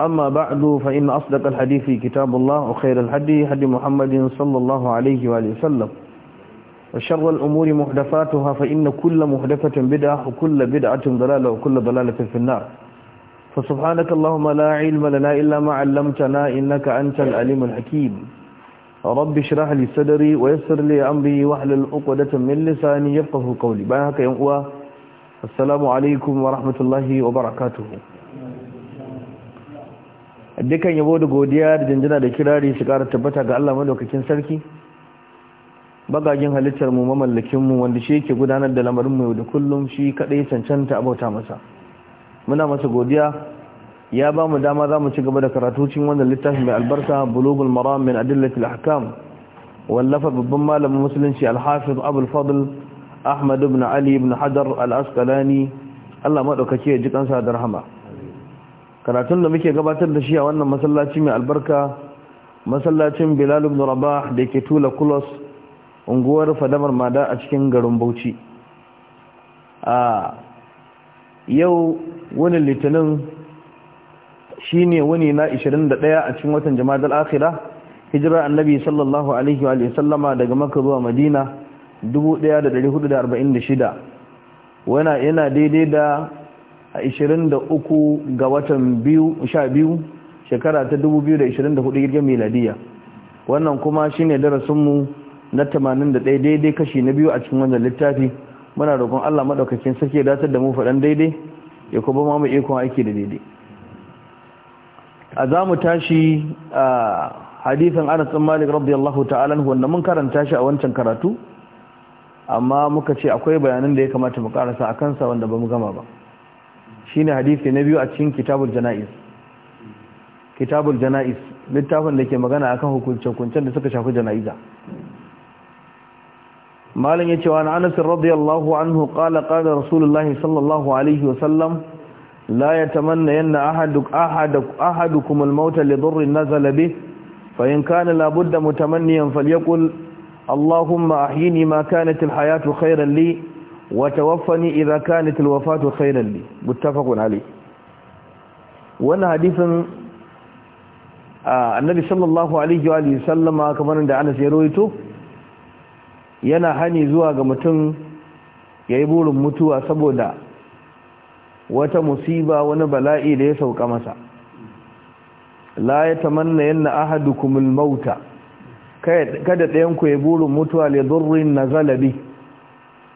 أما بعد فإن أصدق الحديث كتاب الله وخير الحدي حدي محمد صلى الله عليه وآله وسلم وشر الأمور محدثاتها فإن كل محدثة بدعة وكل بدعة ضلالة وكل ضلالة في النار فسبحانك اللهم لا علم لنا إلا ما علمتنا إنك أنت العليم الحكيم رب اشرح لي صدري ويسر لي أمري واحلل عقدة من لساني يفقه قولي بارك يا السلام عليكم ورحمة الله وبركاته dukan yabo da godiya da jinjina da kirari su ƙara tabbata ga Allah madaukakin sarki bagagin halittar mu mamallakin mu wanda shi yake gudanar da lamarin mu da kullum shi kadai cancanta abauta masa muna masa godiya ya ba mu dama za mu ci gaba da karatu cikin wannan littafin mai albarka bulugul maram min adillatil ahkam wallafa babban malamin musulunci al-hafiz abul fadl ahmad ibn ali ibn hadar al-asqalani Allah madaukake ya ji kansa da rahama karatun da muke gabatar da shi a wannan masallaci mai albarka masallacin bilal ibn rabah da ke tula kulos unguwar fadamar mada a cikin garin bauchi a yau wani litinin shine wani na 21 a cikin watan jama'ar akhira hijira annabi sallallahu alaihi wa sallama daga makka zuwa madina 1446 wana yana daidai da a 23 ga watan 12 shekara ta 2024 girgin miladiya wannan kuma shine darasinmu na 81 daidai kashi na biyu a cikin wannan littafi muna roƙon Allah maɗaukakin sake datar da mu faɗan daidai ya kuma mu ikon aiki da daidai a za mu tashi a hadithin anas bin malik radiyallahu ta'ala wanda mun karanta shi a wancan karatu amma muka ce akwai bayanan da ya kamata mu karasa a kansa wanda ba mu gama ba shine hadisi na biyu a cikin kitabul janaiz kitabul janaiz littafin da ke magana akan hukunce-hukuncen da suka shafi janaiza malam yace wa Anas radiyallahu anhu qala qala rasulullahi sallallahu alaihi wa sallam la yatamanna yanna ahadu ahaduk ahadukum al-maut li dhurri nazala bih fa in kana la budda mutamanniyan falyakul allahumma ahyini ma kanat al-hayatu khayran li watawaffani idza kanat alwafatu khayran li muttafaqun alayh wannan hadisin annabi sallallahu alaihi wa sallama kamar da Anas ya rawaito yana hani zuwa ga mutum yayi burin mutuwa saboda wata musiba wani bala'i da ya sauka masa la yatamanna yanna ahadukum almauta kada ɗayan ku ya burin mutuwa li dhurrin nazalabi zalabi?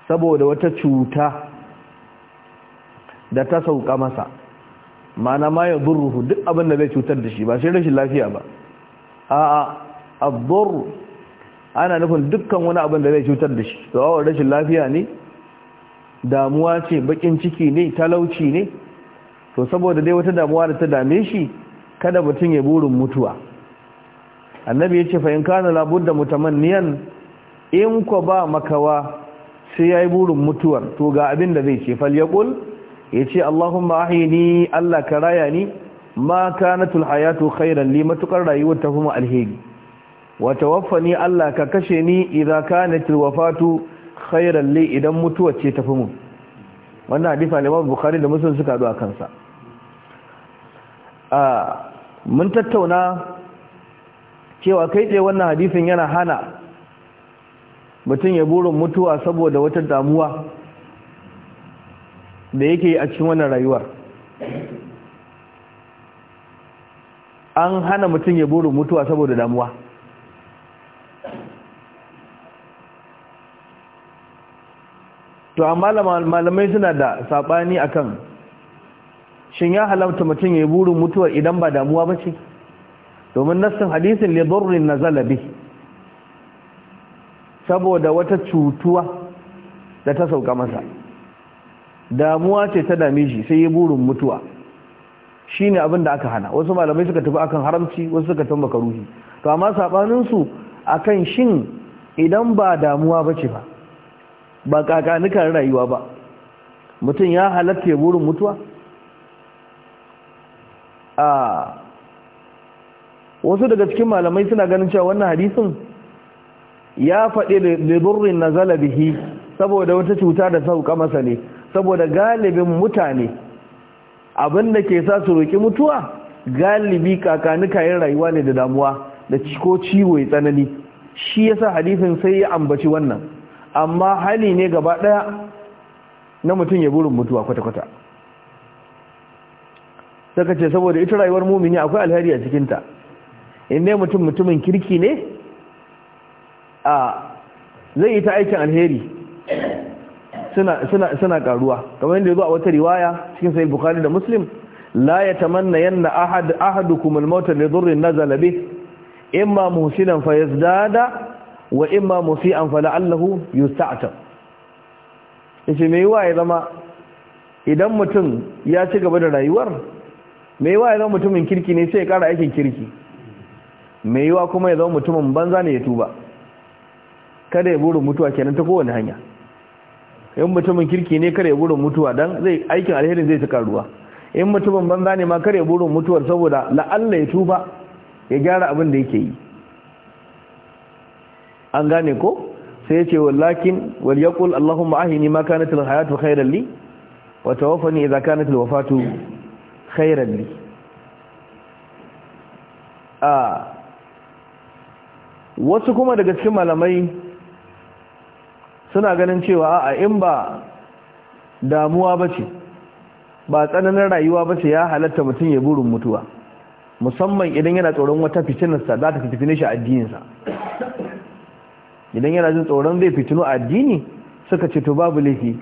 saboda wata cuta da ta sauka masa mana ma ya duk abin da zai cutar da shi ba shi rashin lafiya ba a'a abdur ana nufin dukkan wani abin da zai cutar da shi sawa rashin lafiya ne damuwa ce bakin ciki ne talauci ne to saboda dai wata damuwa da ta dame shi kada mutum ya burin mutuwa annabi ya ce fa in kana labudda mutamanniyan in ko ba makawa sai ya yi burin mutuwar to ga abin da zai ce falyakul ya ce allahumma ni allah ka raya ni ma ka na tulhaya hayatu khairan li matukar rayuwar ta kuma alheri wata waffa ni allah ka kashe ni idan na kanatul wafatu khairan li idan mutuwar ce ta fi mun wannan hadifa ne mafi Bukhari da Muslim suka zo a kansa mun tattauna cewa kai ce wannan hadifin yana hana mutum ya burin mutuwa saboda wata damuwa da yake a cikin wannan rayuwar an hana mutum ya burin mutuwa saboda damuwa to amma malamai suna da sabani akan shin ya halarta mutum ya burin mutuwa idan ba damuwa ba ce domin nassin hadisin li na zalabi saboda wata cutuwa da ta sauka masa damuwa ce ta dame shi sai ya burin mutuwa shine abin da aka hana wasu malamai suka tafi akan haramci wasu suka tafi ruhi. to amma sabanin a kan shin idan ba damuwa ba ce ba ba kakanukan rayuwa ba mutum ya halatta ya burin mutuwa a wasu daga cikin malamai suna ganin cewa wannan hadisin ya faɗi da durrin na zalabihi saboda wata cuta da sauka masa ne saboda galibin mutane abinda ke sa su roƙi mutuwa galibi yin rayuwa ne da damuwa da ciko ciwo ya tsanani shi ya sa hadifin sai ya ambaci wannan amma hali ne gaba ɗaya na mutum ya burin mutuwa kwata-kwata saka ce saboda ita rayuwar mumini akwai alheri a cikinta in ne mutum mutumin kirki ne a zai yi ta aikin alheri suna karuwa kamar yadda zo a wata riwaya cikin sai bukhari da muslim la yatamanna yanna ahad ahadukum al-maut li dhurrin nazala bih fa ya zada wa in ma imma musian yi sa'ata yace me wa ya zama idan mutum ya ci gaba da rayuwar me wa ya zama mutumin kirki ne sai ya kara aikin kirki me wa kuma ya zama mutumin banza ne ya tuba kada ya burin mutuwa kenan ta kowane hanya in mutumin kirki ne kada ya burin mutuwa dan zai aikin alherin zai ta karuwa in mutumin banza ne ma kada ya burin mutuwar saboda la'alla ya tuba ya gyara abin da yake yi an gane ko sai ya ce wallakin wal yaqul allahumma ahini ma kanat al hayatu khayran li wa tawaffani idha kanat al wafatu khayran li a ah, wasu kuma daga cikin malamai suna ganin cewa a in ba damuwa ba ce ba tsananin rayuwa ba ce ya halatta mutum ya burin mutuwa musamman idan yana tsoron wata fitinarsa za ta fitine shi addininsa idan yana jin tsoron zai fitinu addini suka ce to babu laifi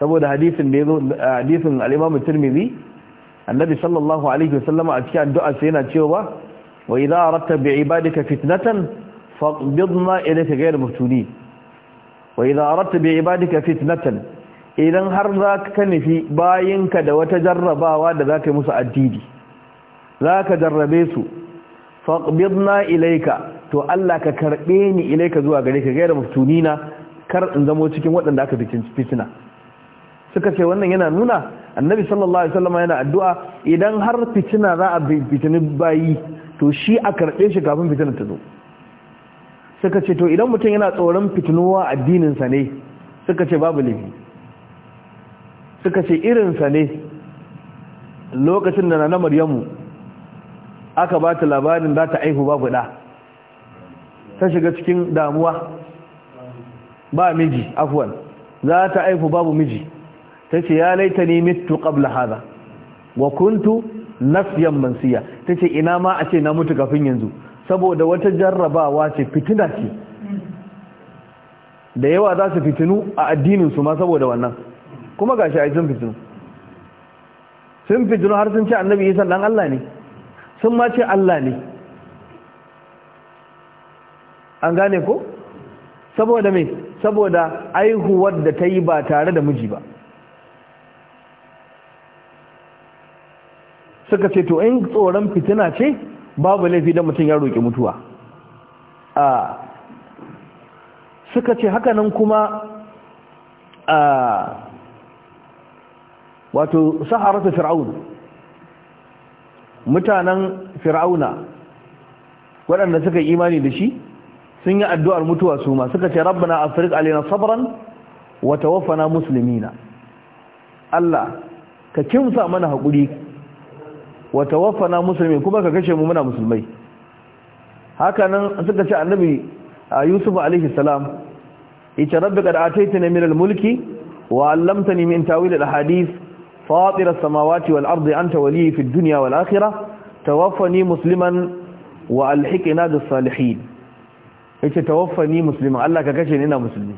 saboda hadisin da yazo annabi sallallahu alaihi wasallama a cikin addu'a sai yana cewa wa idza aratta bi ibadika fitnatan faqbidna ilayka ghayr maftuni wa idha aradta bi ibadika fitnatan idan har zaka kanifi bayinka da wata jarrabawa da zata yi musu addidi zaka jarrabe su faqbidna ilayka to Allah ka karbe ni ilaika zuwa gare ka ghayr maftunina kar in zamo cikin waɗanda aka fitina suka ce wannan yana nuna annabi sallallahu alaihi wasallam yana addu'a idan har fitina za a fitini bayi to shi a karɓe shi kafin fitinar ta zo suka ce to idan mutum yana tsoron fitinuwa addininsa ne suka ce babu laifi suka ce irinsa ne lokacin da na maryamu aka ba ta labarin za ta aihu babu da ta shiga cikin damuwa ba miji afwan za ta aihu babu miji ta ce ya laita ne mitu qabla haza wa kuntu nasiyan mansiya ta ce ina ma a ce na mutu kafin yanzu saboda wata jarrabawa ce fitina ce da yawa za su fitinu a addininsu ma saboda wannan kuma ga shi a sun fitinu sun fitinu har sun ce annabi isa dan Allah ne sun ma ce Allah ne an gane ko saboda mai saboda aihuwar da ta yi ba tare da miji ba suka ce to in tsoron fitina ce babu laifi da mutum ya roƙi mutuwa a suka ce hakanan kuma a wato ta fir'aun mutanen fir'auna waɗanda suka yi imani da shi sun yi addu'ar mutuwa su ma suka ce rabbana afirka alina sabran wata wafana na, Allah ka kimsa mana haƙuri wa tawaffana musulmi kuma ka kashe mu muna musulmai hakanan suka ce annabi yusuf alaihi salam ita rabbi qad ataitani min al-mulki wa 'allamtani min tawil al fatir as-samawati wal-ardi anta waliyyi fid dunya wal-akhirah tawaffani musliman wa alhiqna bis salihin ita tawaffani musliman Allah ka kashe ni ina musulmi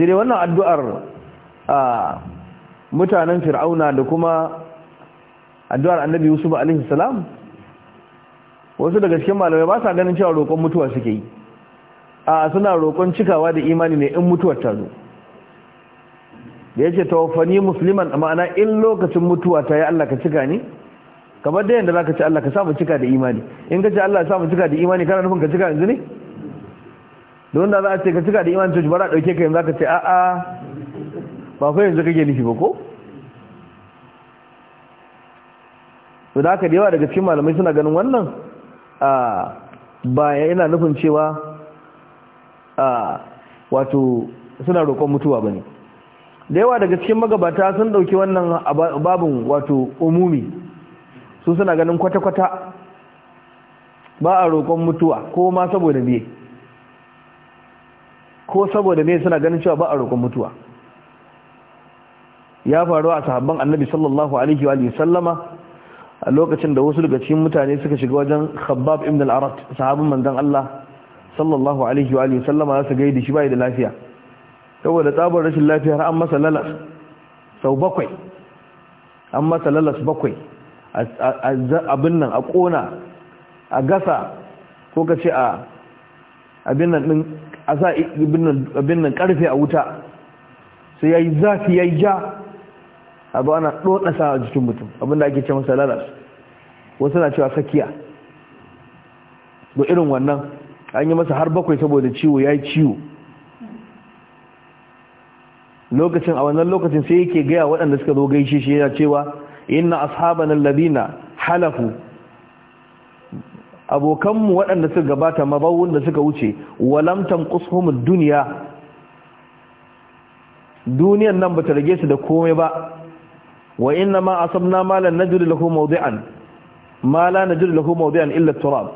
sai wannan addu'ar mutanen fir'auna da kuma addu'ar annabi yusuf alaihi salam wasu daga cikin malamai ba sa ganin cewa roƙon mutuwa suke yi a suna roƙon cikawa da imani ne in mutuwar ta zo da yake tawaffani musliman a ma'ana in lokacin mutuwa ta yi Allah ka cika ni kamar da yadda za ka ci Allah ka samu cika da imani in ka ci Allah ya samu cika da imani kana nufin ka cika yanzu ne don da za a ce ka cika da imani to jibara dauke ka yanzu za ka ce a'a ba fa yanzu kake nufi ba ko so da aka yawa daga cikin malamai suna ganin wannan a ba yana nufin cewa a wato suna roƙon mutuwa ba ne da yawa daga cikin magabata sun ɗauki wannan babin wato umumi su suna ganin kwata-kwata ba a roƙon mutuwa ko ma saboda ne ko saboda me suna ganin cewa ba a roƙon mutuwa ya faru a sahabban annabi sallallahu alaihi wa sallama a lokacin da wasu daga cikin mutane suka shiga wajen khabbab ibn al-arat sahabin manzon Allah sallallahu alaihi wa alihi sallama su gaida shi bai da lafiya saboda tsabar rashin lafiya har an masa lalas sau bakwai an masa lalas bakwai abin nan a kona a gasa ko ka ce a abin nan din a sa abin nan karfe a wuta sai yayi zafi yayi ja abu ana ɗoɗa sa a jikin mutum abinda ake ce masa lalas wasu na cewa sakiya ga irin wannan an yi masa har bakwai saboda ciwo ya yi ciwo lokacin a wannan lokacin sai yake gaya waɗanda suka zo gaishe shi yana cewa inna ashaban alladina halafu abokanmu waɗanda suka gabata mabawun da suka wuce walamtan tanqushum ad-dunya duniyan nan bata rage su da komai ba wa inna ma asabna malan lan lahu mawdi'an ma la najid lahu mawdi'an illa turab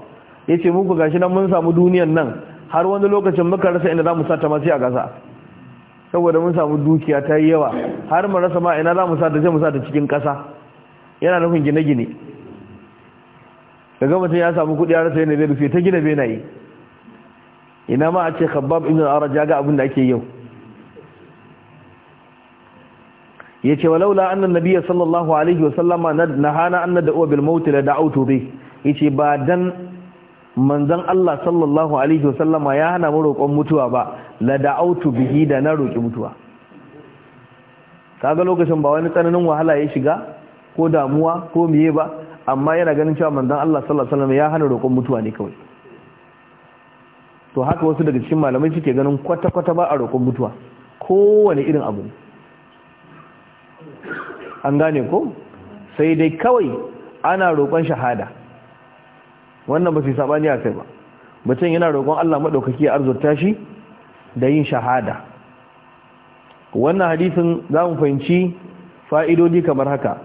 yace mun ku gashi nan mun samu duniyan nan har wani lokacin muka rasa inda zamu sa ta ma sai a gasa saboda mun samu dukiya ta yi yawa har mu rasa ma ina zamu sa ta sai mu sa ta cikin kasa yana nufin gine-gine daga mutum ya samu kudi ya rasa yana bai rufe ta gina bai na yi ina ma a ce khabbab ibn al ya ga abin da ake yau yace walaula annan nabiya sallallahu alaihi wasallama nahana an nad'u bil maut la da'utu bi yace ba dan manzon Allah sallallahu alaihi wasallama ya hana mu roƙon mutuwa ba la da'utu bihi da na roƙi mutuwa kaga lokacin ba wani tsananin wahala ya shiga ko damuwa ko miye ba amma yana ganin cewa manzon Allah sallallahu alaihi wasallama ya hana roƙon mutuwa ne kawai to haka wasu daga cikin malamai suke ganin kwata-kwata ba a roƙon mutuwa kowane irin abu an gane ko sai dai kawai ana roƙon shahada wannan ba su sabani a kai ba mutum yana roƙon Allah maɗaukaki a arzurta shi da yin shahada wannan hadisin za mu fahimci fa'idodi kamar haka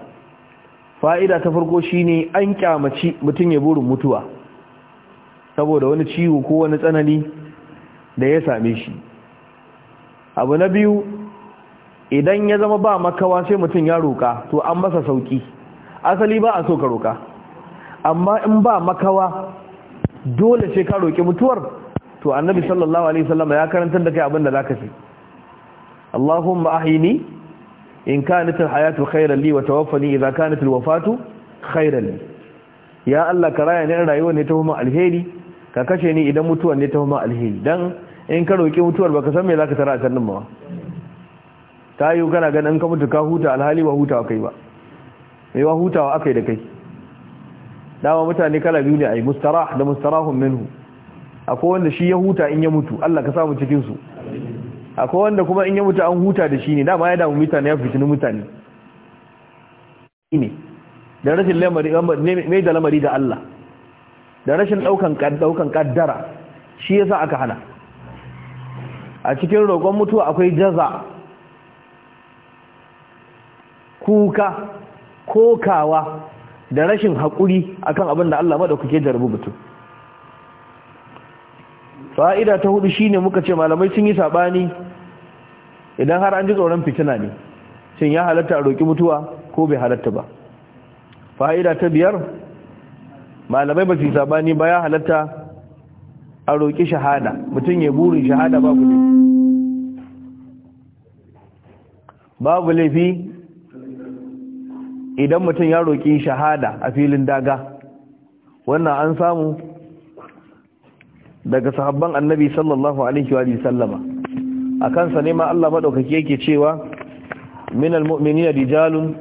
fa'ida ta farko shine an kyamaci mutum ya burin mutuwa saboda wani ciwo ko wani tsanani da ya same shi abu na biyu idan ya zama ba makawa sai mutum ya roka to an masa sauki asali ba a so ka roka amma in ba makawa dole sai ka roƙi mutuwar to annabi sallallahu alaihi wasallam ya karantar da kai abin da zaka ce Allahumma ahini in kanat alhayatu khayran li wa tawaffani idha kanat alwafatu khayran ya Allah ka raya ni rayuwa ne ta huma alheri ka kashe ni idan mutuwar ne ta huma alheri dan in ka roƙi mutuwar baka san me zaka tara a sannan ba ta yi kana ganin ka mutu ka huta alhali ba hutawa kai ba mai wa hutawa aka yi da kai dama mutane kala biyu ne a yi. Mustara da mustarahun minhu akwai wanda shi ya huta in ya mutu Allah ka samu cikinsu. akwai wanda kuma in ya mutu an huta da shi ne dama ya damu mutane ya fitini mutane ne da rashin mai da lamari da Allah da rashin daukan kaddara shi ya sa aka hana a cikin roƙon mutuwa akwai jaza kuka kokawa da rashin haƙuri akan abin da Allah madaukake da jarabu mutum fa'ida ta hudu shine muka ce malamai sun yi saɓani idan har an ji tsoron fitina ne sun ya halatta a roƙi mutuwa ko bai halatta ba fa'ida ta biyar malamai ba su yi saɓani ba ya halatta a roƙi shahada mutum ya burin shahada babu ne. babu laifi idan mutum ya roƙi shahada a filin daga wannan an samu daga sahabban annabi sallallahu alaihi wa sallama a kansa ne ma Allah maɗaukaki yake cewa minal mu'minina rijalun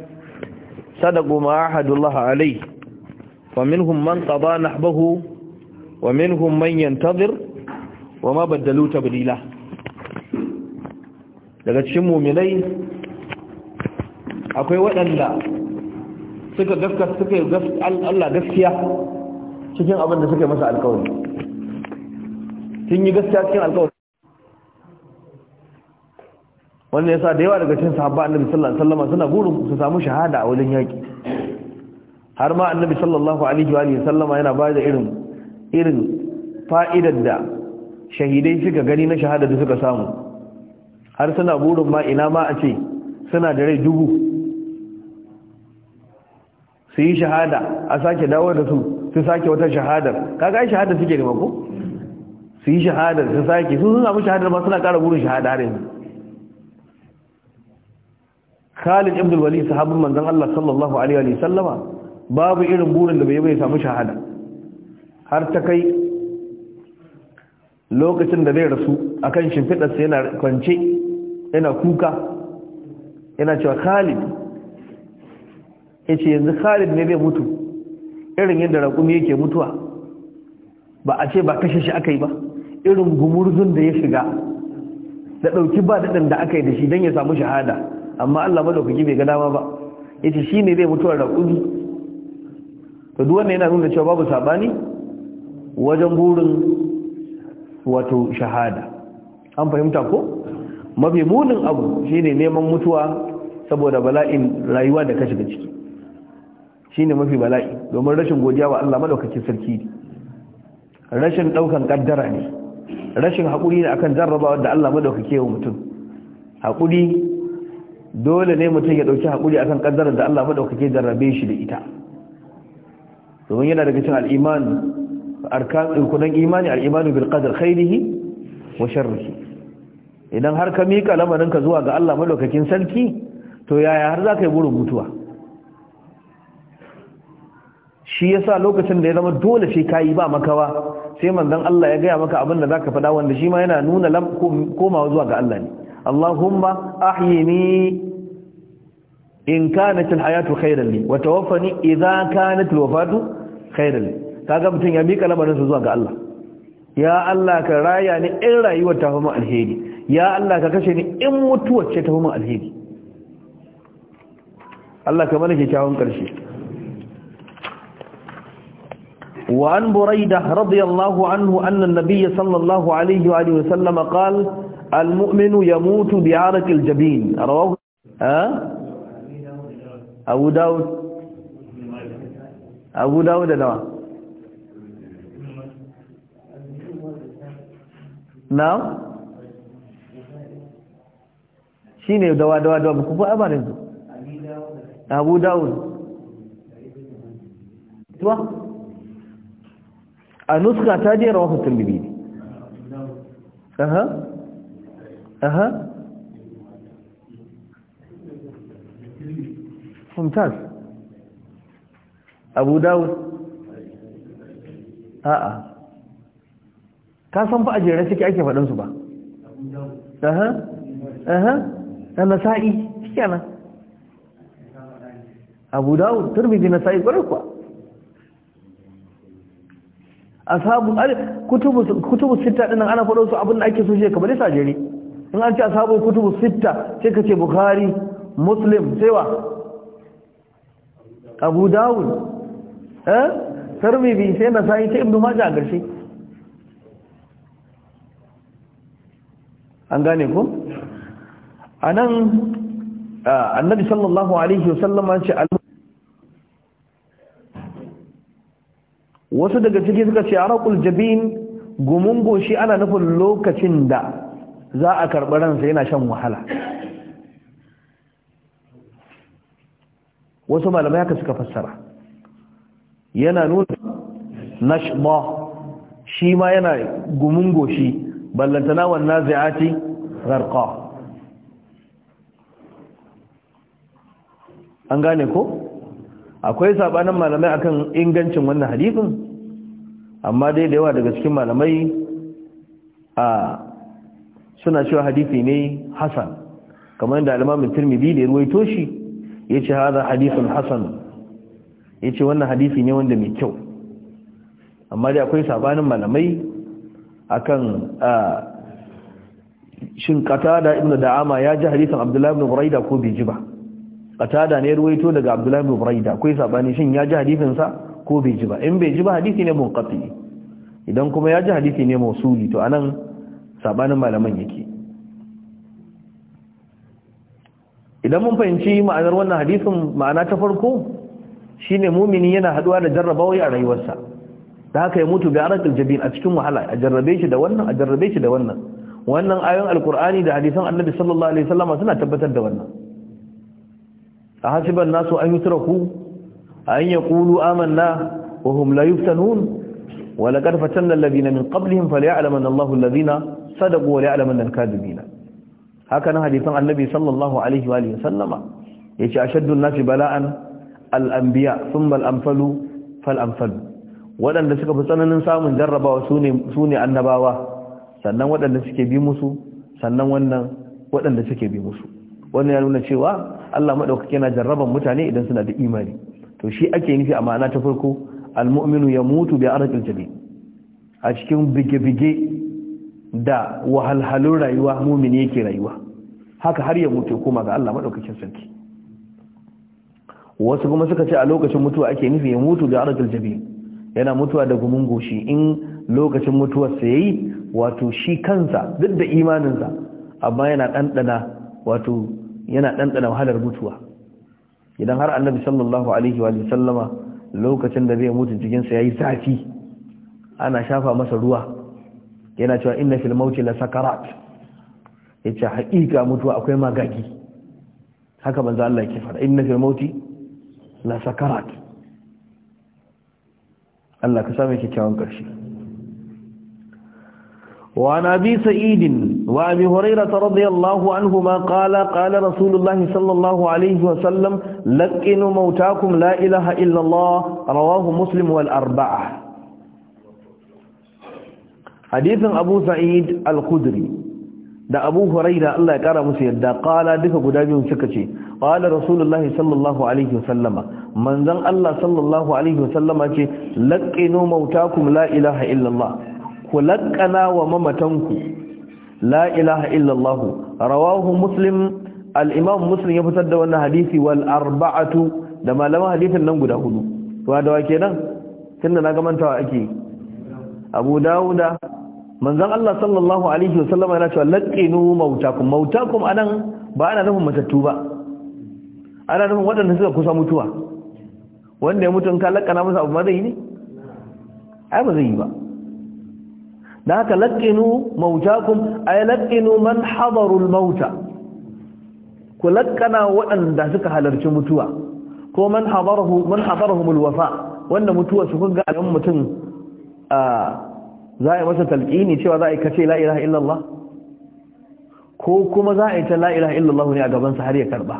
sadaqu ma ahadullah alaihi wa minhum man qada nahbahu wa minhum man yantazir wa ma baddalu tabdila daga cikin mu'minai akwai waɗanda suka gaskar suka yi Allah gaskiya cikin abin da suka yi masa alkawari sun yi gaskiya cikin alkawari wannan sa da yawa daga cikin sahabba annabi sallallahu alaihi wasallam suna burin su samu shahada a wajen yaki har ma annabi sallallahu alaihi wa alihi yana ba da irin irin fa'idar da shahidai suka gani na shahada da suka samu har suna burin ma ina ma a ce suna da rai dubu su yi shahada a sake dawo da su su sake wata shahadar kaga ai shahada suke da ko su yi shahadar su sake su sun samu shahadar ma suna ƙara burin shahada har yanzu Khalid ibn Walid sahabin manzon Allah sallallahu alaihi wa sallama babu irin burin da bai bai samu shahada har ta kai lokacin da zai rasu akan shimfidarsa yana kwance yana kuka yana cewa Khalid ya yanzu khalid ne bai mutu irin yadda raƙumi yake mutuwa ba a ce ba kashe shi aka yi ba irin gumurzun da ya shiga da ɗauki ba daɗin da aka yi da shi don ya samu shahada amma allah maɗaukaki bai ga dama ba ya ce shi ne zai raƙumi to duk wannan yana nuna cewa babu sabani wajen burin wato shahada an fahimta ko mafi munin abu shine neman mutuwa saboda bala'in rayuwa da kashi ciki Shi ne mafi bala'i domin rashin godiya wa Allah madaukakin sarki ne rashin daukan kaddara ne rashin hakuri ne akan jarrabawa da Allah madaukake wa mutum hakuri dole ne mutum ya dauki hakuri akan kaddarar da Allah madaukake jarrabe shi da ita domin yana daga cikin al-iman arkan kunan imani al iman bil qadar khairihi wa sharrihi idan har ka mika lamarin ka zuwa ga Allah madaukakin sarki to yaya har zaka yi burin mutuwa shi ya sa lokacin da ya zama dole sai kayi ba makawa sai manzan Allah ya gaya maka abin da ka faɗa wanda shi ma yana nuna komawa zuwa ga Allah ne Allahumma ahyini in kanat alhayatu khayran li wa tawaffani idha kanat alwafatu khayran li kaga mutun ya mika labarin zuwa ga Allah ya Allah ka raya ni in rayuwar ta huma alheri ya Allah ka kashe ni in mutuwar ce ta huma alheri Allah ka mana kyawun karshe وعن بريدة رضي الله عنه أن النبي صلى الله عليه وآله وسلم قال المؤمن يموت بعرق الجبين رواه أه؟ أبو داود أبو داود نعم نعم شيني دوا دوا دوا ku أبو abarin أبو داود a nuska ta je rawahu tirmidhi aha aha mumtaz abu dawud a'a ka san fa ajere jere suke ake fadin su ba aha aha na nasa'i kenan abu dawud turmizi nasa'i kwarai kuwa ashabu kutubu kutubu sita dinnan ana faɗo su abin da ake so shi kamar isa jere in an ce ashabu kutubu sita sai ka ce bukhari muslim sai wa abu daud eh tarmizi sai na sai ibnu majah garshe an gane ko anan annabi sallallahu alaihi wasallam ya ce wasu daga ciki suka ce raƙul jabin gumin goshi ana nufin lokacin da za a karɓi ransa yana shan wahala wasu malamai haka suka fassara yana nuna nashba shi ma yana gumin goshi ballantana wannan zai'ati gharqa an gane ko akwai sabanin malamai akan ingancin wannan hadifin? amma dai da yawa daga cikin malamai a suna cewa hadisi ne hasan kamar inda alimamin imam tirmidhi da ya ruwaito shi yace hada hadithun hasan yace wannan hadisi ne wanda mai kyau amma dai akwai sabanin malamai akan shin qatada ibn da'ama ya ji hadisin abdullahi ibn buraida ko bai ji ba qatada ne ruwaito daga abdullahi ibn buraida akwai sabanin shin ya ji hadisin sa ko bai ji ba in bai ji ba hadisi ne munqati idan kuma ya ji hadisi ne mausuli to anan sabanin malaman yake idan mun fahimci ma'anar wannan hadisin ma'ana ta farko shine mumini yana haduwa da jarrabawai a rayuwarsa da haka ya mutu bi arqil jabin a cikin wahala a jarrabe shi da wannan a jarrabe shi da wannan wannan ayoyin alkur'ani da hadisan annabi sallallahu alaihi wasallam suna tabbatar da wannan a hasiban nasu an yutraku an yaqulu amanna wa hum la yuftanun wa laqad fatanna alladhina min qablihim falya'lamanna Allahu alladhina sadaqu wa la'lamanna al-kadhibina haka na hadisan annabi sallallahu alaihi wa sallama yace ashaddu an-nasi bala'an al-anbiya amfalu fal-amfalu wadanda suka fi tsananin samun jarrabawa sune sune annabawa sannan wadanda suke bi musu sannan wannan wadanda suke bi musu wannan ya nuna cewa Allah madaukake yana jarraban mutane idan suna da imani to shi ake nufi a ma'ana ta farko almu'minu ya mutu bi arqil jabi a cikin bige-bige da wahalhalun rayuwa mu'mini yake rayuwa haka har ya mutu kuma ga Allah madaukakin sarki wasu kuma suka ce a lokacin mutuwa ake nufi ya mutu da arqil jabi yana mutuwa da gumin goshi in lokacin mutuwarsa yayi wato shi kansa duk da imaninsa amma yana dandana wato yana dandana wahalar mutuwa idan har annabi sallallahu alaihi wa sallama lokacin da zai mutu cikin sa yayi zafi ana shafa masa ruwa yana cewa inna fil mauti la sakarat yace haƙiƙa mutuwa akwai magagi haka manzo Allah yake fara inna fil mauti la sakarat Allah ka same kyakkyawan ƙarshe وعن أبي سعيد وأبي هريرة رضي الله عنهما قال قال رسول الله صلى الله عليه وسلم لقنوا موتاكم لا إله إلا الله رواه مسلم والأربعة حديث أبو سعيد الخدري da Abu Huraira Allah ya kara musu yadda kala duka guda biyun suka ce qala rasulullahi sallallahu alaihi wasallama manzon Allah sallallahu alaihi wasallama ce laqinu mautakum la ilaha illallah ku laƙana wa mamatanku la ilaha illallah rawahu muslim al muslim ya fitar da wannan hadisi wal arba'atu da malaman hadisin nan guda hudu wa da wake nan tunda na ga mantawa ake Abu Dawuda manzon Allah sallallahu alaihi wasallam yana cewa laqinu mautakum a nan ba ana nufin matattu ba ana nufin waɗanda suka kusa mutuwa wanda ya mutu in ka laƙana masa abu ma zai yi ne ai ba zai yi ba da lakinu laƙinu mautakum ay lakinu man hadarul mauta ku laƙana waɗanda suka halarci mutuwa ko man hadarahu man hadarahumul wafa wanda mutuwa su kunga ayyun mutum a za a yi masa talqini cewa za a yi kace la ilaha illallah ko kuma za a yi ta la ilaha illallah ne a gaban sa har ya karba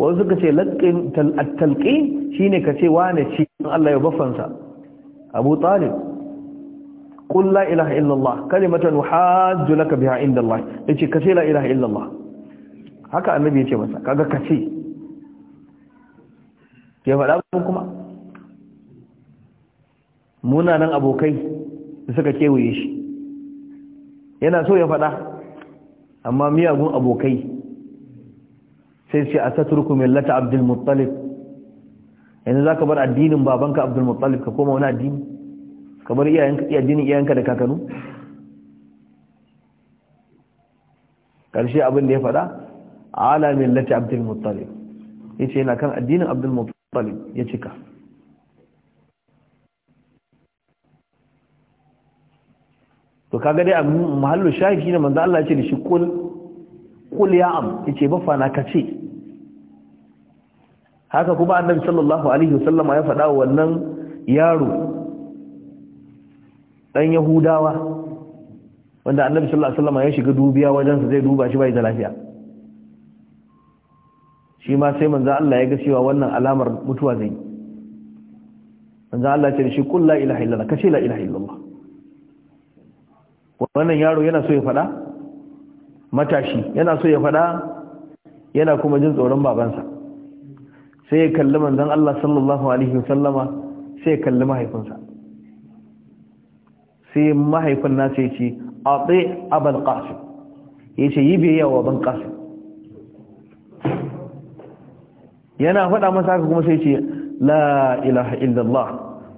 wasu suka ce laƙin talqin shine kace wane ci Allah ya bafansa Abu Talib qul la ilaha illallah kalimatan uhajju laka biha inda Allah yace kace la ilaha illallah haka annabi yace masa kaga kace ya faɗa kuma munanan abokai da suka kewaye shi yana so ya faɗa amma miyagun abokai sai sai a saturku millata abdulmuttalib yanzu za ka bar addinin babanka Abdul abdulmuttalib ka koma wani addini kamar iyayenka iya jini iyayenka da kakanu karshe abin da ya faɗa ala lati abdul muttalib yace yana kan addinin abdul muttalib ya cika to kaga dai mahallu shahidi ne manzo Allah ya ce da shi kul kul ya am yace ba fa na kace haka kuma annabi sallallahu alaihi wasallama ya faɗa wannan yaro dan yahudawa wanda annabi sallallahu alaihi wasallam ya shiga dubiya wajen sa zai duba shi bai da lafiya shi ma sai manzo Allah ya ga cewa wannan alamar mutuwa zai manzo Allah ya ce shi kullu la ilaha illallah kashi la ilaha illallah wannan yaro yana so ya fada matashi yana so ya fada yana kuma jin tsoron babansa sai ya kalli manzon Allah sallallahu alaihi wasallama sai ya kalli mahaifinsa sai mahaifin nasa ya ce a tsaye abal ƙasim ya ce yi biyayya wa ban ƙasim yana faɗa masa haka kuma sai ce la ilaha illallah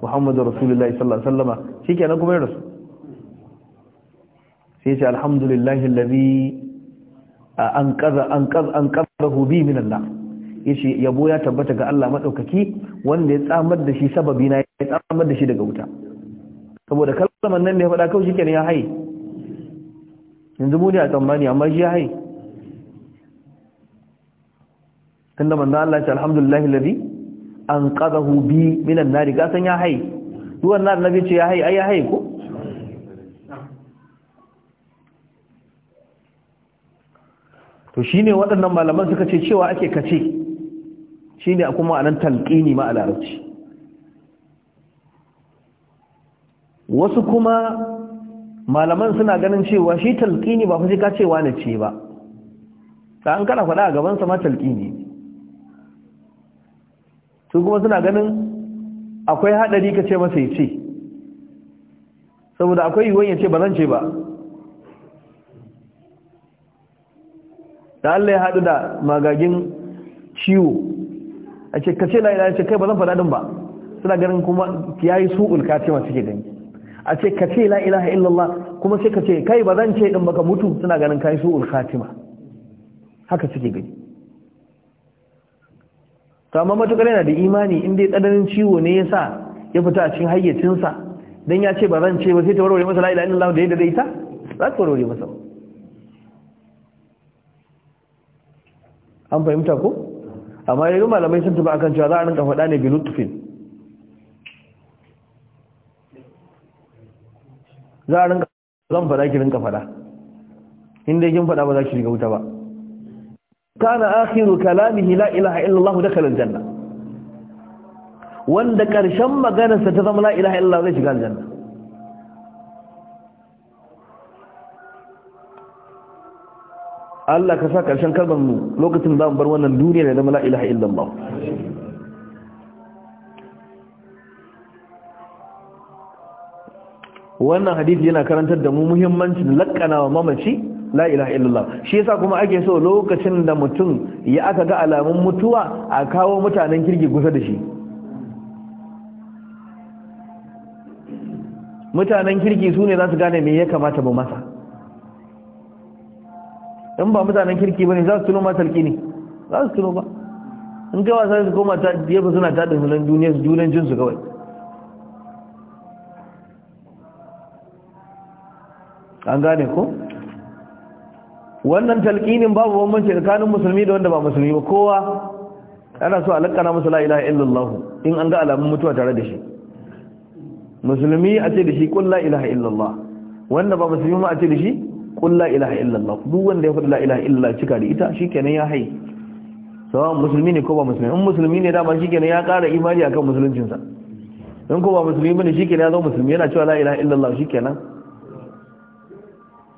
muhammadu rasulullahi sallallahu alaihi wasallama shikenan kuma ya rasu sai ce alhamdulillahi allazi an kaza an kaza an kazahu bi min Allah yace yabo ya tabbata ga Allah madaukaki wanda ya tsamar da shi sababi na ya tsamar da shi daga wuta saboda saman nan da ya faɗa kawai shikenan ya hai yanzu mu ne a tsammani amma shi ya tun tunda manzan Allah ya ce an alladhi hu bi minan nari gasan san ya hai ruwan nari na ce ya hai ai ya hai ko to shine waɗannan malaman suka ce cewa ake kace shine kuma anan talƙini ma a larabci wasu kuma malaman suna ganin cewa shi talqini ba fa sai ka cewa ne ce ba dan kana faɗa a gaban sa ma talqini su kuma suna ganin akwai hadari ka ce masa ya ce saboda akwai yiwuwan ya ce ba zan ce ba da Allah ya haɗu da magagin ciwo a ce ka ce la'ila ya ce kai ba zan faɗaɗin ba suna ganin kuma ya yi su'ul ka ce masu ke gani a ce ka ce la ilaha illallah kuma sai ka ce kai ba zan ce din baka mutu suna ganin kai su khatima haka suke gani to amma matukar yana da imani in dai tsananin ciwo ne yasa ya fita a cikin hayyacinsa dan ya ce ba zan ce ba sai ta warware masa la ilaha illallah da yadda da ita za ta warware masa an fahimta ko amma yayin malamai sun tuba akan cewa za a rinka faɗa ne bi lutfin za a rinka zan fada ki rinka fada inda kin fada ba za ki shiga wuta ba kana akhiru kalamihi la ilaha illa allah dakhala aljanna wanda karshen maganarsa ta zama la ilaha illa allah zai shiga aljanna Allah ka sa karshen kalmar mu lokacin da mu bar wannan duniya da zama la ilaha illa allah wannan hadisi yana karantar da mu muhimmancin lakkana wa mamaci la ilaha illallah shi yasa kuma ake so lokacin da mutum ya aka ga alamun mutuwa a kawo mutanen kirki kusa da shi mutanen kirki su ne za su gane me ya kamata ba masa in ba mutanen kirki ba ne za su tuno masu ne za su tuno ba in gawa sai su koma ta jefa suna taɗin hulun duniya su junan jinsu kawai an gane ko wannan talqinin babu bambanci tsakanin musulmi da wanda ba musulmi ba kowa ana so alƙa na musu la ilaha illallah in an ga alamun mutuwa tare da shi musulmi a ce da shi qul la ilaha illallah wanda ba musulmi ma a ce da shi qul la ilaha illallah duk wanda ya faɗi la ilaha illallah cika da ita shikenan ya hai sawan musulmi ne ko ba musulmi in musulmi ne dama shikenan ya ƙara imani akan musuluncinsa in ko ba musulmi bane shikenan ya zama musulmi yana cewa la ilaha illallah shikenan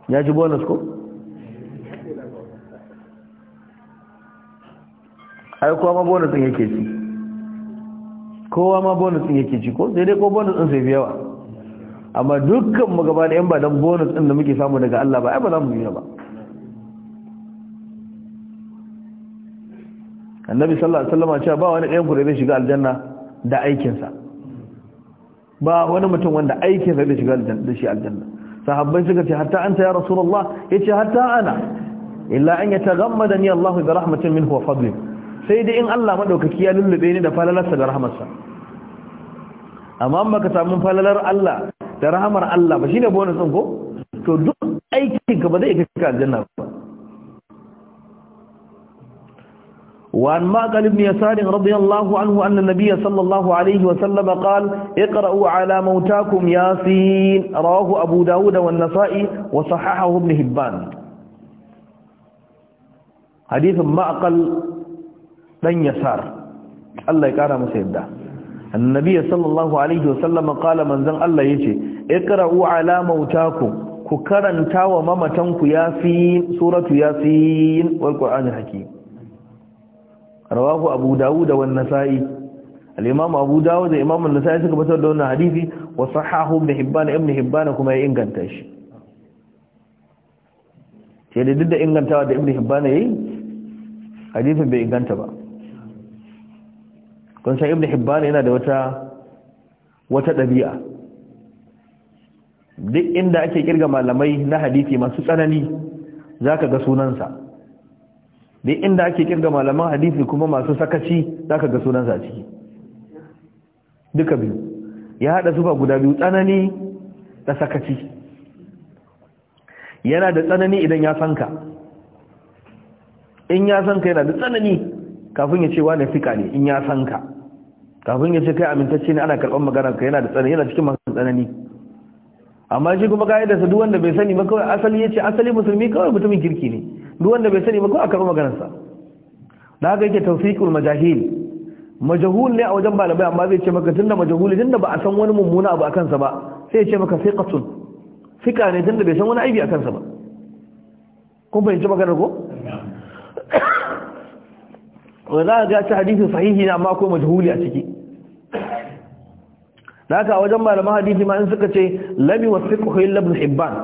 ya ji bonus ko ai kowa ma bonus din yake ci kowa ma bonus din yake ci ko sai dai ko bonus din sai fi yawa amma dukkan mu gaba da yan ba dan bonus din da muke samu daga Allah ba ai ba za mu yi ba annabi sallallahu alaihi wasallam cewa ba wani ɗayan ku da zai shiga aljanna da aikinsa ba wani mutum wanda aikinsa zai shiga aljanna da shi aljanna sahabbai suka ce hatta anta ya rasulullah yace hatta ana illa an yataghammadani Allah bi rahmatin minhu wa fadlin sai dai in Allah madaukaki ya lullube ni da falalarsa da rahmarsa amma in ka samu falalar Allah da rahmar Allah ba shine bonus din ko to duk aikin ka ba zai kai ka aljanna ba وعن معقل بن يسار رضي الله عنه أن النبي صلى الله عليه وسلم قال اقرأوا على موتاكم ياسين رواه أبو داود والنسائي وصححه ابن هبان حديث معقل بن يسار الله يكرمه مسيدا النبي صلى الله عليه وسلم قال من ذن الله يجي اقرأوا على موتاكم كرنتا وممتنكم ياسين سورة ياسين والقرآن الحكيم rawahu abu dawud wa an-nasa'i al-imam abu dawud da imam an-nasa'i suka fitar da wannan hadisi wa sahahu bi hibban ibn hibban kuma ya inganta shi sai da duk da ingantawa da ibn hibban yayi hadisin bai inganta ba kun san ibn hibban yana da wata wata dabi'a duk inda ake kirga malamai na hadisi masu tsanani zaka ga sunansa da inda ake kirga malaman hadisi kuma masu sakaci zaka ga sunansa a ciki duka biyu ya hada su ba guda biyu tsanani da sakaci yana da tsanani idan ya sanka in ya sanka yana da tsanani kafin ya ce wa fika ne in ya sanka kafin ya ce kai amintacce ne ana karɓar magana ka yana da tsanani yana cikin masu tsanani amma shi kuma kayan da duk wanda bai sani ba kawai asali ya ce asali musulmi kawai mutumin kirki ne duk wanda bai sani ba ko a karɓi maganarsa da haka yake tawfiqul majahil majahul ne a wajen malamai amma zai ce maka tunda majahul tunda ba a san wani mummuna abu akan sa ba sai ya ce maka fiqatun fika ne tunda bai san wani aibi akan sa ba kun fahimci maganar ko wa za ga ta hadisi sahihi ne amma akwai majahuli a ciki da haka a wajen malaman hadisi ma in suka ce lami wasiqu illa ibn hibban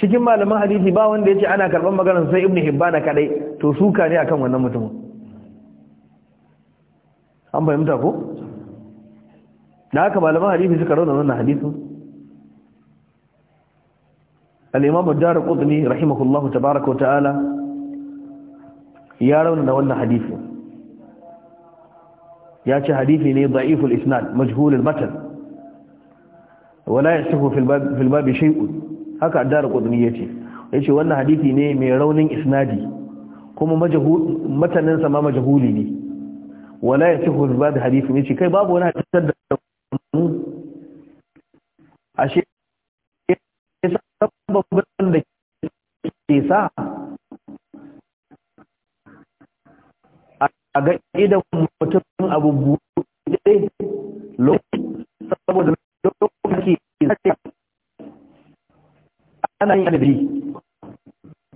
cikin malaman hadisi ba wanda ya ce ana karban maganar sai ibn hibbana kadai to suka ne akan wannan mutumin an fahimta ko da haka malaman hadisi suka rauna wannan hadisin al-imam ad-darqutni rahimahullahu tabaaraka wa ta'ala ya rauna wannan hadisi ya ce hadisi ne da'iful isnad majhul al-matan wala yasihu fil bab fil bab shay'un haka addar ce. yace yace wannan hadisi ne mai raunin isnadi kuma majhul matanin sa ma majhuli ne wala yasihu al-bad hadisi ne kai babu wani hadisin da mu ashe sababin da ke sa a ga idan mutum abu buɗe saboda lokaci ana yin adadi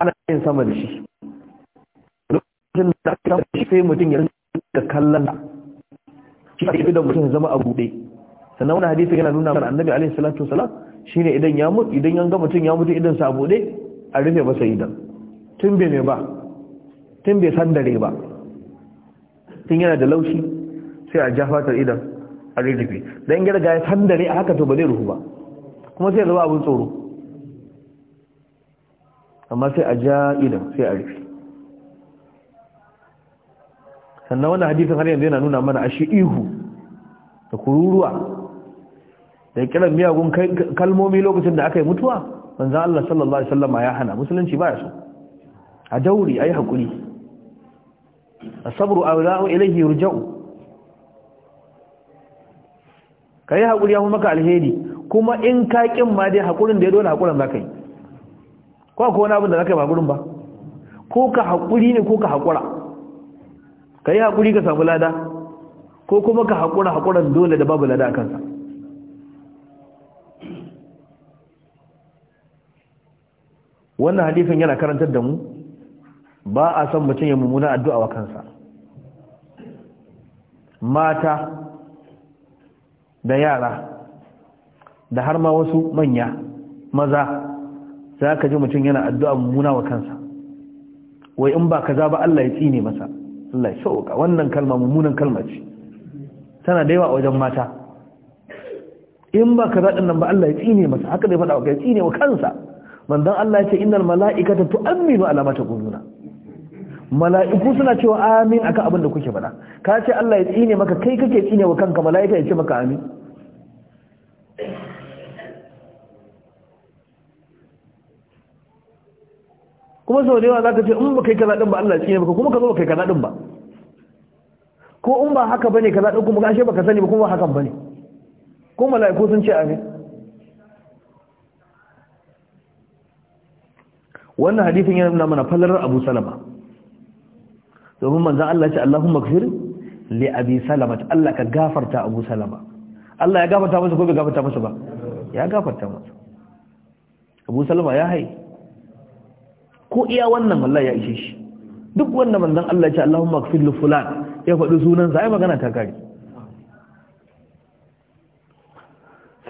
ana yin sama da shi lokacin da aka kama shi sai mutum ya rinka kallon da shi ne idan mutum zama a buɗe sannan wani hadisi yana nuna mana annabi alaihi salatu wasalam shine idan ya mutu idan ga mutum ya mutu idan sa a buɗe a rufe masa idan tun bai mai ba tun bai san dare ba tun yana da laushi sai a ja fatar idan a rufe dan ya san dare a haka to ba zai ruhu ba kuma sai ya zama abin tsoro amma sai a ja idan sai a rufe sannan wannan hadisin har yanzu yana nuna mana ashi, ihu da kururuwa da kiran miyagun kalmomi lokacin da aka yi mutuwa manzan Allah sallallahu Alaihi wasallama ya hana musulunci ba ya so a dauri a yi haƙuri a sabru a za'u ilaihi ruja'u ka yi haƙuri ya maka alheri kuma in ka ƙin ma dai haƙurin da ya dole haƙurin za ka yi ko ko wani abin da zaka yi ba gurin ba ko ka hakuri ne ko ka hakura kai hakuri ka samu lada ko kuma ka hakura hakuran dole da babu lada kansa wannan hadisin yana karantar da mu ba a san mutum ya mummuna addu'a wa kansa mata da yara da har ma wasu manya maza za ka ji mutum yana addu'a mummuna wa kansa wai in ba ka za ba Allah ya tsine masa Allah ya shauka wannan kalma mummunan kalma ce tana da yawa a wajen mata in ba za din nan ba Allah ya tsine masa haka da ya faɗa wa kai tsine wa kansa manzon Allah ya ce innal mala'ikata tu'minu ala ma taquluna mala'iku suna cewa amin akan abin da kuke faɗa ka ce Allah ya tsine maka kai kake tsine wa kanka mala'ika ya ce maka amin kuma sau da yawa za ka ce in ba kai kaza ɗin ba Allah shi ne baka kuma ka zo ba kai kaza ɗin ba ko in ba haka bane kaza ɗin kuma ba baka sani ba kuma hakan bane ko mala'iku sun ce amin wannan hadisin yana nuna mana falalar Abu Salama domin manzon Allah ya ce Allahumma ighfir li Abi Salama Allah ka gafarta Abu Salama Allah ya gafarta masa ko bai gafarta masa ba ya gafarta masa Abu Salama ya hai ko iya wannan wallahi ya ishe shi duk wanda manzon Allah ya ce Allahumma ighfir li fulan ya faɗi sunan sa ai magana ta kare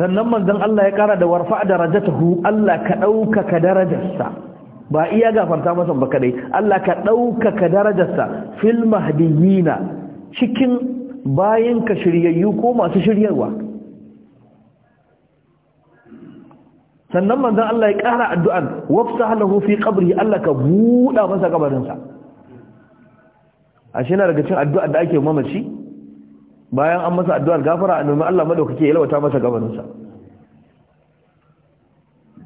sannan manzon Allah ya kara da warfa darajatuhu Allah ka ka darajarsa ba iya gafarta masa ba kadai Allah ka ɗaukaka darajarsa fil mahdiyina cikin bayan ka shiryayyu ko masu shiryarwa sannan manzon Allah ya ƙara addu'an wafsah lahu fi qabri Allah ka buɗa masa kabarin sa ashe na daga cikin addu'a da ake mamaci bayan an masa addu'ar gafara a annabi Allah madaukake ya lawata masa kabarin sa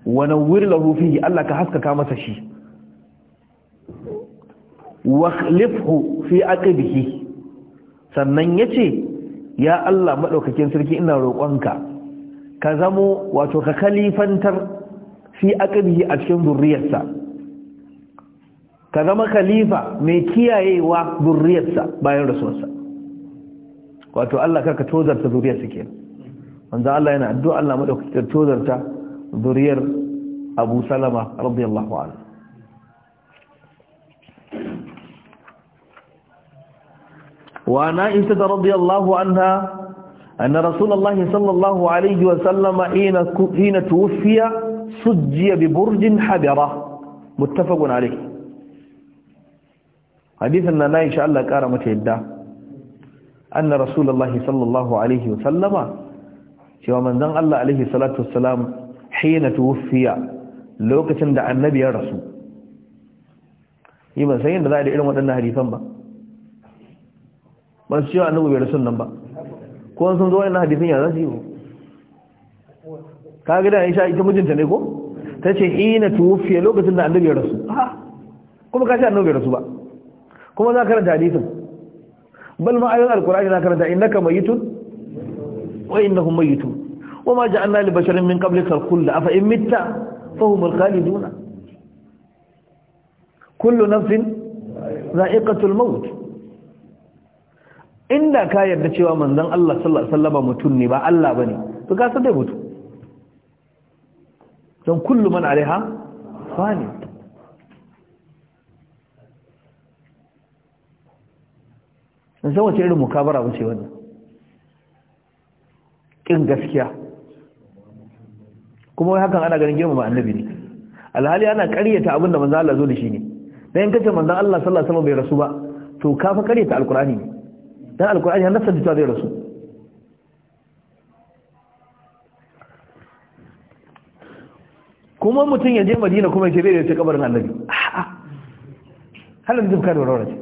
wa nawwir lahu fihi Allah ka haskaka masa shi wa khlifhu fi aqibihi sannan yace ya Allah madaukakin sarki ina roƙonka ka zamo wato ka kalifantar fi aqbihi a cikin zurriyarsa ka zama khalifa mai kiyayewa zurriyarsa bayan rasuwarsa wato Allah karka tozarta zurriyarsa kenan manzo Allah yana addu'a Allah ta tozarta zuriyar Abu Salama radiyallahu anhu وعن عائشة رضي الله أن رسول الله صلى الله عليه وسلم حين توفي سجي ببرج حبرة متفق عليه حديث أن لا إن شاء الله كارمة يدى أن رسول الله صلى الله عليه وسلم شوى من ذن الله عليه الصلاة والسلام حين توفي لو كتن دع النبي يا رسول يبقى سيين ذلك إلهم أن هديثا ba su cewa annabi bai rasul nan ba ko sun zo wannan hadisin ya zasu yi kaga da Aisha ita mijinta ne ko tace ina tuwfiya lokacin da annabi ya rasu kuma ka ce annabi ya rasu ba kuma za karanta hadisin bal ma ayoyin alqur'ani za karanta innaka mayitun wa innahum mayitun wama ja'alna li basharin min qablika al-khuld afa in mitta fahum al-khalidun kullu nafsin za'iqatul maut inda ka yarda cewa manzon Allah sallallahu alaihi wasallam mutum ne ba Allah bane to ka san dai mutum don kullu man alaiha fani san wace irin mukabara wuce wannan kin gaskiya kuma wai hakan ana ganin girmama annabi ne alhali ana ƙaryata abin da manzon Allah zo da shi ne dan kace manzon Allah sallallahu alaihi wasallam bai rasu ba to ka fa ƙaryata alqur'ani ne dan alkur'ani hannasa da ta zai rasu kuma mutum ya je madina kuma ke zai ce kabarin annabi halin zuka da rawar ce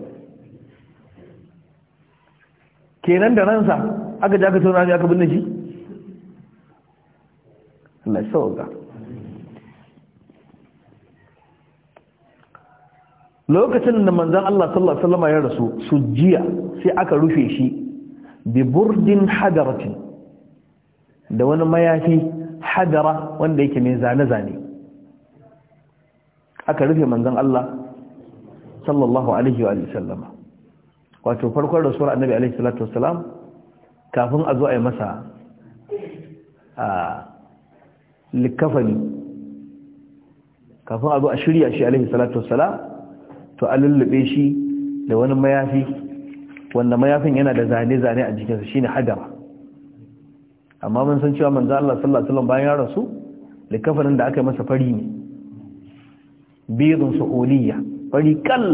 kenan da ransa aka ji aka tauna ne aka binne shi Allah ya sauka lokacin da manzan Allah sallallahu alaihi wasallam ya rasu sujjiya sai aka rufe shi bi burdin hadaratin da wani mayafi hadara wanda yake mai zane-zane aka rufe manzan Allah sallallahu alaihi wa sallama wato farkon rasuwar annabi alaihi salatu wasalam kafin a zo a yi masa a likafani kafin a zo a shirya shi alaihi salatu wasalam to a lullube shi da wani mayafi wanda mayafin yana da zane-zane a jikinsa shine hagara amma mun san cewa manzo Allah sallallahu alaihi wasallam bayan ya rasu likafanin da aka yi masa fari ne bidun su'uliyya fari kal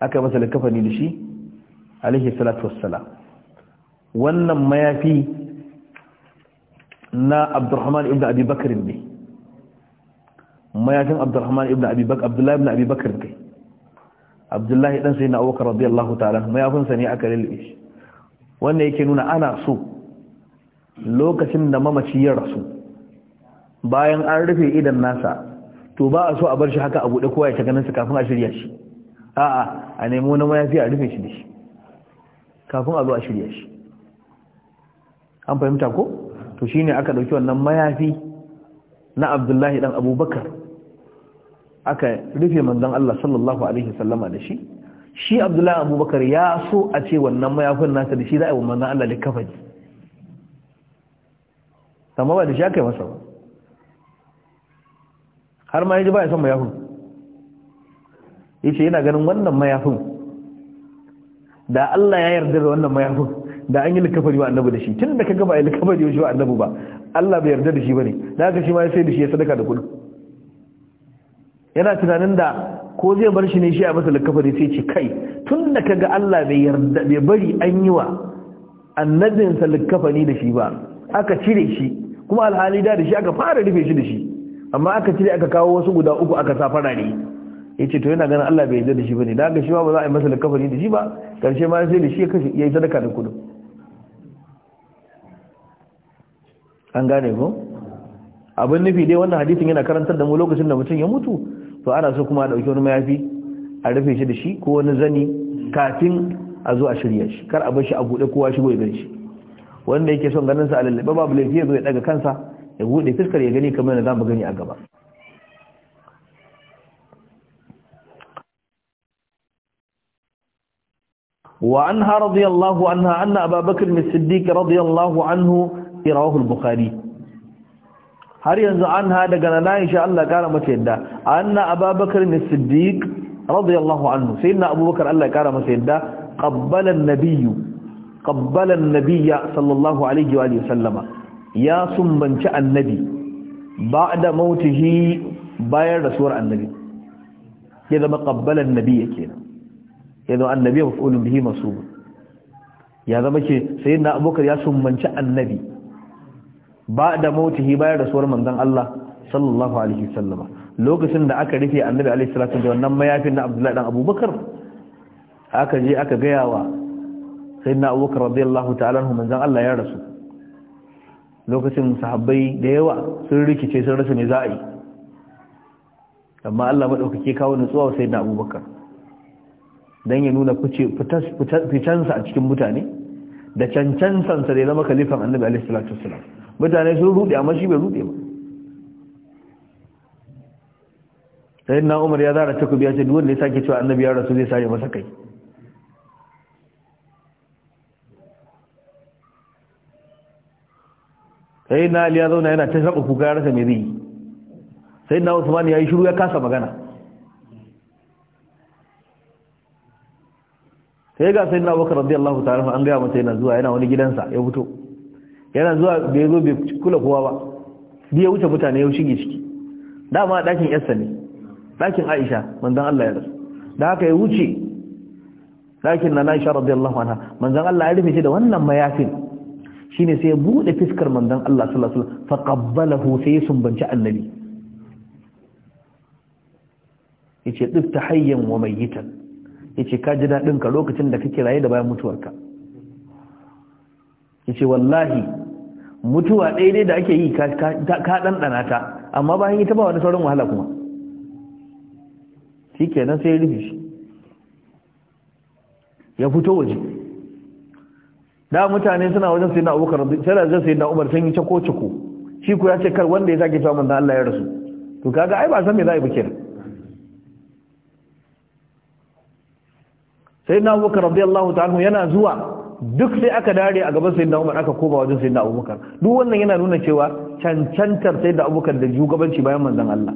aka yi masa likafani da shi alaihi salatu wassalam wannan mayafi na Abdurrahman ibn Abi Bakr ne mayafin abdurrahman ibn abi bakr abdullahi ibn abi bakr kai abdullahi dan sayyidina abubakar radiyallahu ta'ala mayakin sa ne aka lalle. shi wanda yake nuna ana so lokacin da mamaci ya rasu bayan an rufe idan nasa to ba a so a bar shi haka a bude kowa ya ta ganin sa kafin a shirya shi a'a a nemo na mayafi a rufe shi da shi kafin a zo a shirya shi an fahimta ko to shine aka dauki wannan mayafi na Abdullahi dan Abubakar aka rufe manzon Allah sallallahu alaihi wasallama da shi shi Abdullahi Abubakar ya so a ce wannan mayafin nasa da shi za a yi wa manzon Allah likafani amma ba da shi aka yi masa ba har ma yaji ba ya son mayafin yace yana ganin wannan mayafin da Allah ya yarda da wannan mayafin da an yi likafari wa annabi da shi tun da ka gaba ya likafari wa annabi ba Allah bai yarda da shi bane da haka shi ma ya sai da shi ya sadaka da kudu yana tunanin da ko zai bar shi ne shi a masa da sai ce kai tun da kaga Allah bai yarda bai bari an yi wa annabinsa ni da shi ba aka cire shi kuma alhali da shi aka fara rufe shi da shi amma aka cire aka kawo wasu guda uku aka sa ya ce to yana ganin Allah bai yarda da shi bane da shi ba za a yi masa likafani da shi ba karshe ma sai da shi ya kashe yayi sadaka da kudu an gane ko abin nufi dai wannan hadisin yana karantar da mu lokacin da mutum ya mutu to ana so kuma a dauki wani mayafi a rufe shi da shi ko wani zani kafin a zo a shirya shi kar a bar shi a bude kowa shigo ya gani wanda yake son ganin sa a lallabe babu laifi ya zo ya daga kansa ya buɗe, fiskar ya gani kamar da zamu gani a gaba Wa Anha radiyallahu anha, أن أبا Ababakar الصديق radiyallahu anhu, عنه رواه bukhari har yanzu an ha daga na Aisha Allah ƙara masa yadda anna Abubakar ne Siddiq radiyallahu anhu sayyidina Abubakar Allah ƙara masa yadda qabbala nabiyu nabiy nabiya sallallahu alaihi wa sallama ya sumbanci annabi ba ba'da mautihi bayan rasuwar annabi ya zama qabbala an-nabiy kenan ya zama annabi maf'ulun bihi masub ya zama ce sayyidina Abubakar ya sumbanci annabi ba da mautihi bayan rasuwar manzan Allah sallallahu alaihi wasallam lokacin da aka rufe annabi alaihi salatu da wannan mayafin na Abdullahi dan Abubakar aka je aka gaya wa sayyidina Abubakar radiyallahu ta'ala hu manzan Allah ya rasu lokacin sahabbai da yawa sun rikice sun rasu ne za a yi amma Allah madaukake kawo nutsuwa sayyidina Abubakar dan ya nuna fice fitansa a cikin mutane da cancansansa da ya zama kalifan annabi alaihi salatu wasallam mutane sun rude amma shi bai rude ba sai na umar ya zara ta ya ce duk wanda ya sake cewa annabi ya rasu zai sare masa kai sai na ali ya zauna yana ta shaɓa kuka ya rasa mai zai sai na usman ya yi shiru ya kasa magana sai ga sai na Abokan radiyallahu ta'ala an gaya masa yana zuwa yana wani gidansa ya fito yana zuwa bai zo bai kula kowa ba biya wuce mutane ya shige ciki dama dakin yarsa ne dakin Aisha manzon Allah ya rasu da haka ya wuce dakin nana Aisha radiyallahu anha manzon Allah ya rufe da wannan mayafin shine sai ya bude fiskar manzon Allah sallallahu alaihi wasallam fa qabbalahu sai sunbanci annabi yace duk tahayyan wa mayitan yace ka ji dadin ka lokacin da kake raye da bayan mutuwarka yace wallahi mutuwa daidai da ake yi ka ɗanɗana ta amma bayan ita ba wani sauran wahala kuma shi kenan sai ya rufe shi ya fito waje da mutane suna wajen sai na abubakar sai da sai na umar sun yi cako cako shi ku ya ce kar wanda ya sake cewa manzon Allah ya rasu to kaga ai ba san me za a yi ba kenan sai na abubakar radiyallahu ta'ala yana zuwa duk sai aka dare a gaban sayyidina Umar aka koma wajen sayyidina Abubakar duk wannan yana nuna cewa cancantar sayyidina Abubakar da shugabanci bayan manzon Allah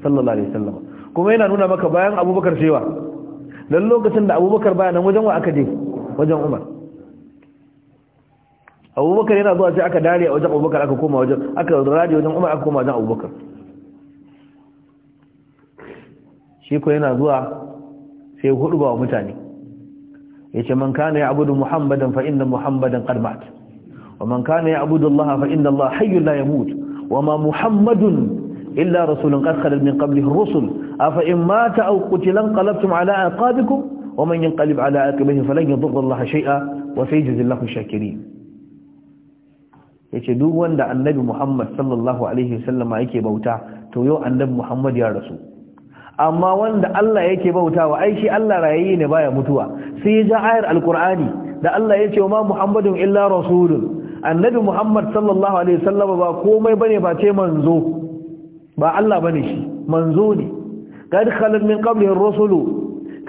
sallallahu alaihi wasallam kuma yana nuna maka bayan Abubakar cewa dan lokacin da Abubakar baya nan wajen wa aka je wajen Umar Abubakar yana zuwa sai aka dare a wajen Abubakar aka koma wajen aka dare wajen Umar aka koma wajen Abubakar shi ko yana zuwa sai hudu ba wa mutane yace man kana ya'budu muhammadan fa inna muhammadan qad mat wa man kana ya'budu allaha fa inna allaha hayyun la yamut wa ma muhammadun illa rasulun qad khalal min qablihi ar-rusul afa in mata aw qutila qalabtum ala aqabikum wa man yanqalib ala aqibihi falan yadurra allaha shay'a wa sayajzi allahu shakirin yace duk wanda annabi muhammad sallallahu alaihi wasallama yake bauta to yau annabi muhammad ya rasul amma wanda Allah yake bautawa ai shi Allah rayayi ne baya mutuwa sai ya ja ayar alqur'ani da Allah ya ce ma muhammadun illa rasulun annabi muhammad sallallahu alaihi wasallam ba komai bane ba ce manzo ba Allah bane shi manzo ne kad khalal min qablihi ar-rusulu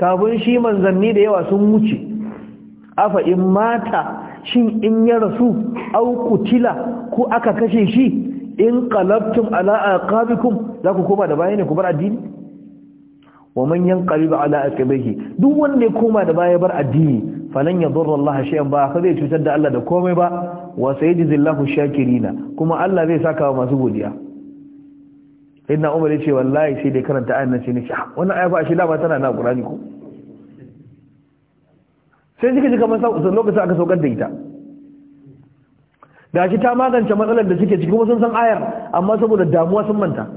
kafin shi manzanni da yawa sun wuce afa in mata shin in ya rasu au kutila ko aka kashe shi in qalabtum ala aqabikum za ku koma da bayani ku bar addini wa man yanqalib ala akbahi duk wanda ya koma da baya bar addini falan yadurra Allah shay'an ba ka zai cutar da Allah da komai ba wa zillahu shakirina kuma Allah zai saka wa masu godiya inna umar yace wallahi sai dai karanta ayan nan sai nace ah, wannan aya ba shi da ba tana na Qur'ani ko sai kika ji kamar lokacin aka saukar da ita gashi ta magance matsalar da suke ciki kuma sun san ayar amma saboda damuwa sun manta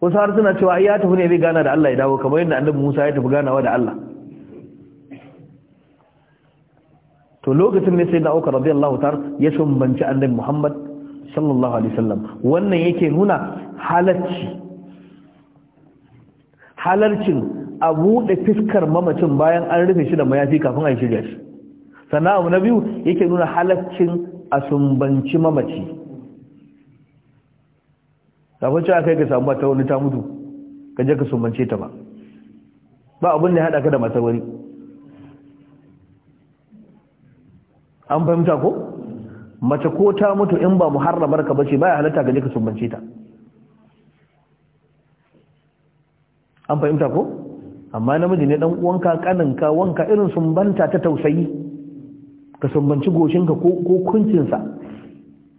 wasu har suna cewa ya tafi ne zai gana da Allah ya dawo kamar yadda annabi Musa ya tafi ganawa da Allah to lokacin ne sai da auka radiyallahu ta'ala ya sumbanci annabi Muhammad sallallahu alaihi wasallam wannan yake nuna halacci halarcin a buɗe fiskar mamacin bayan an rufe shi da mayafi kafin a shirya shi sannan abu na biyu yake nuna halarcin a sumbanci mamaci kafin cewa kai ka samu mata wani ta mutu ka je ka sumbance ta ba ba abin da ya haɗa ka da matar wani an fahimta ko mace ko ta mutu in ba muharramar ka bace ya halatta ka je ka sumbance ta an fahimta ko amma namiji ne ɗan wanka ƙaninka wanka irin sumbanta ta tausayi ka sumbanci goshinka ko ko kuncinsa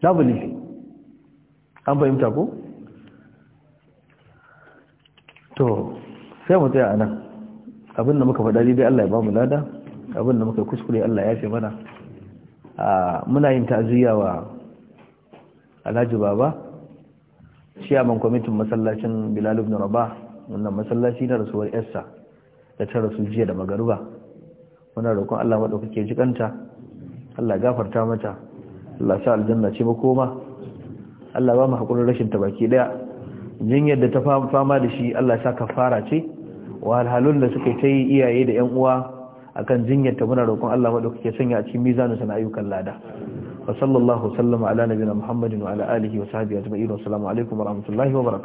babu ne an fahimta ko to sai mu tsaya anan abin da muka faɗa dai Allah ya ba mu lada abin da muka kuskure Allah ya fi mana muna yin ta'aziyya wa Alhaji Baba ciyaman kwamitin masallacin Bilal ibn Rabah wannan masallaci na rasuwar Essa da ta rasu jiya da magaruba muna roƙon Allah madaukake jikanta Allah gafarta mata Allah sa aljanna ce makoma Allah ba mu hakurin rashin ta baki daya jinyar da ta fama da shi Allah sa fara ce wahalhalun da suka ta yi iyaye da 'yan uwa akan jinyar ta muna roƙon Allah wadda kuke sanya a cikin mizanin sana ayyukan lada wa sallallahu sallama ala nabiyina muhammadin wa ala alihi wa sahbihi ajma'in wa alaikum wa rahmatullahi wa baraka.